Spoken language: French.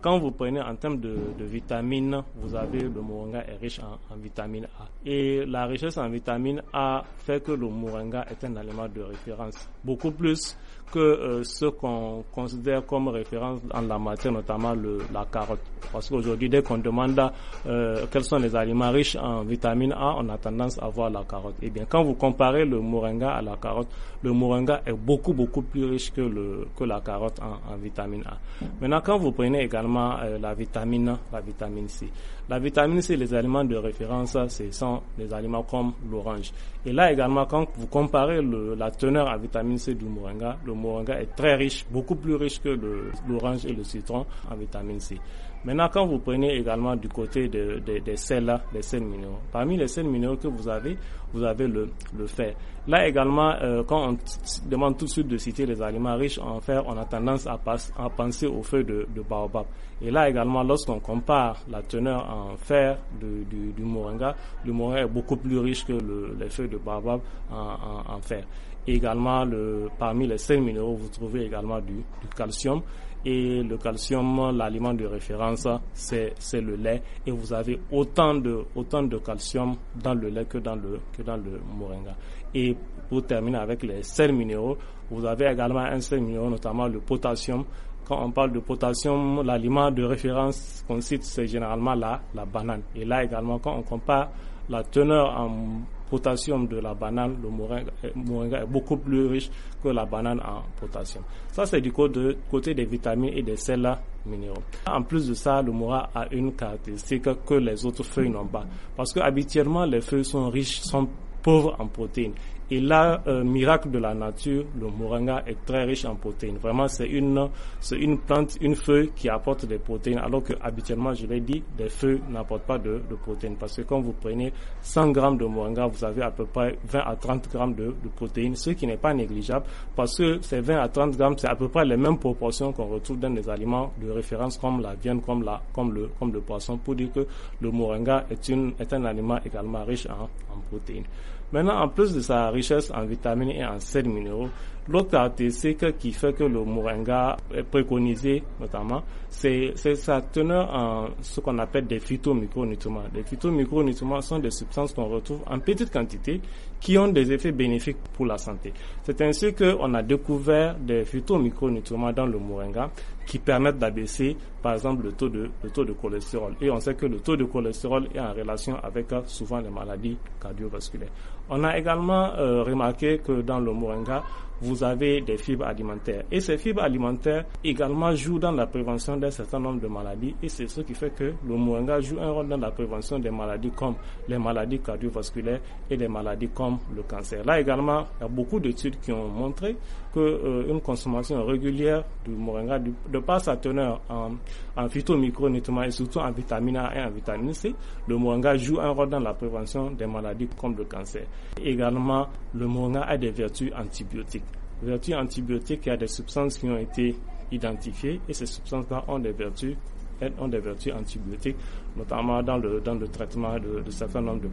Quand vous prenez en termes de, de vitamines, vous avez le moringa est riche en, vitamine A. Et la richesse en vitamine A fait que le moringa est un aliment de référence, beaucoup plus que euh, ce qu'on considère comme référence en la matière, notamment la carotte. Parce qu'aujourd'hui, dès qu'on demande euh, quels sont les aliments riches en vitamine A, on a tendance à voir la carotte. Eh bien, quand vous comparez le moringa à la carotte, le moringa est beaucoup, beaucoup plus riche que, le, la carotte en, en vitamine A. Maintenant, quand vous prenez également euh, la vitamine, la vitamine C. La vitamine C, les aliments de référence, ce sont des aliments comme l'orange. Et là également, quand vous comparez la teneur à vitamine C du moringa, le moringa est très riche, beaucoup plus riche que l'orange et le citron en vitamine C. Maintenant, quand vous prenez également du côté de, des sels-là, des sels minéraux, parmi les sels minéraux que vous avez, vous avez le, le fer. Là également, euh, quand on demande tout de suite de citer les aliments riches en fer, on a tendance à, penser aux feu de, baobab. Et là également, lorsqu'on compare la teneur en fer du, du, du, moringa, le moringa est beaucoup plus riche que les feuilles de baobab en, fer. également, le, parmi les sels minéraux, vous trouvez également du, du calcium. Et le calcium, l'aliment de référence ça, c'est le lait. Et vous avez autant de, autant de calcium dans le lait que dans le, que dans le moringa. Et pour terminer avec les sels minéraux, vous avez également un sel minéraux, notamment le potassium. Quand on parle de potassium, l'aliment de référence qu'on cite, c'est généralement la, la banane. Et là également, quand on compare la teneur en potassium de la banane, le euh, moringa, est beaucoup plus riche que la banane en potassium. Ça, c'est du côté des vitamines et des sels minéraux. En plus de ça, le mora a une caractéristique que les autres feuilles n'ont pas. Parce que habituellement, les feuilles sont riches, sont pauvres en protéines. Et là, euh, miracle de la nature, le moringa est très riche en protéines. Vraiment, c'est une, c'est une plante, une feuille qui apporte des protéines, alors que habituellement, je l'ai dit, des feuilles n'apportent pas de, de, protéines. Parce que quand vous prenez 100 grammes de moringa, vous avez à peu près 20 à 30 grammes de, de protéines, ce qui n'est pas négligeable, parce que ces 20 à 30 grammes, c'est à peu près les mêmes proportions qu'on retrouve dans des aliments de référence comme la viande, comme la, comme le, comme le poisson, pour dire que le moringa est une, est un aliment également riche en, en protéines. Maintenant, en plus de ça, richesse en vitamines et en sels minéraux. L'autre caractéristique qui fait que le moringa est préconisé, notamment, c'est sa teneur en ce qu'on appelle des phytomicronutriments. Les phyto-micronutriments sont des substances qu'on retrouve en petite quantité qui ont des effets bénéfiques pour la santé. C'est ainsi qu'on a découvert des phyto-micronutriments dans le moringa qui permettent d'abaisser, par exemple, le taux, de, le taux de cholestérol. Et on sait que le taux de cholestérol est en relation avec euh, souvent les maladies cardiovasculaires. On a également euh, remarqué que dans le moringa, vous avez des fibres alimentaires. Et ces fibres alimentaires également jouent dans la prévention d'un certain nombre de maladies. Et c'est ce qui fait que le moringa joue un rôle dans la prévention des maladies comme les maladies cardiovasculaires et des maladies comme le cancer. Là également, il y a beaucoup d'études qui ont montré que euh, une consommation régulière du moringa, du, de de par sa teneur en, en et surtout en vitamine A et en vitamine C, le moringa joue un rôle dans la prévention des maladies comme le cancer. Également, le moringa a des vertus antibiotiques. Vertus antibiotiques, il y a des substances qui ont été identifiées et ces substances-là ont des vertus ont des vertus antibiotiques, notamment dans le, dans le traitement de, de certains nombres de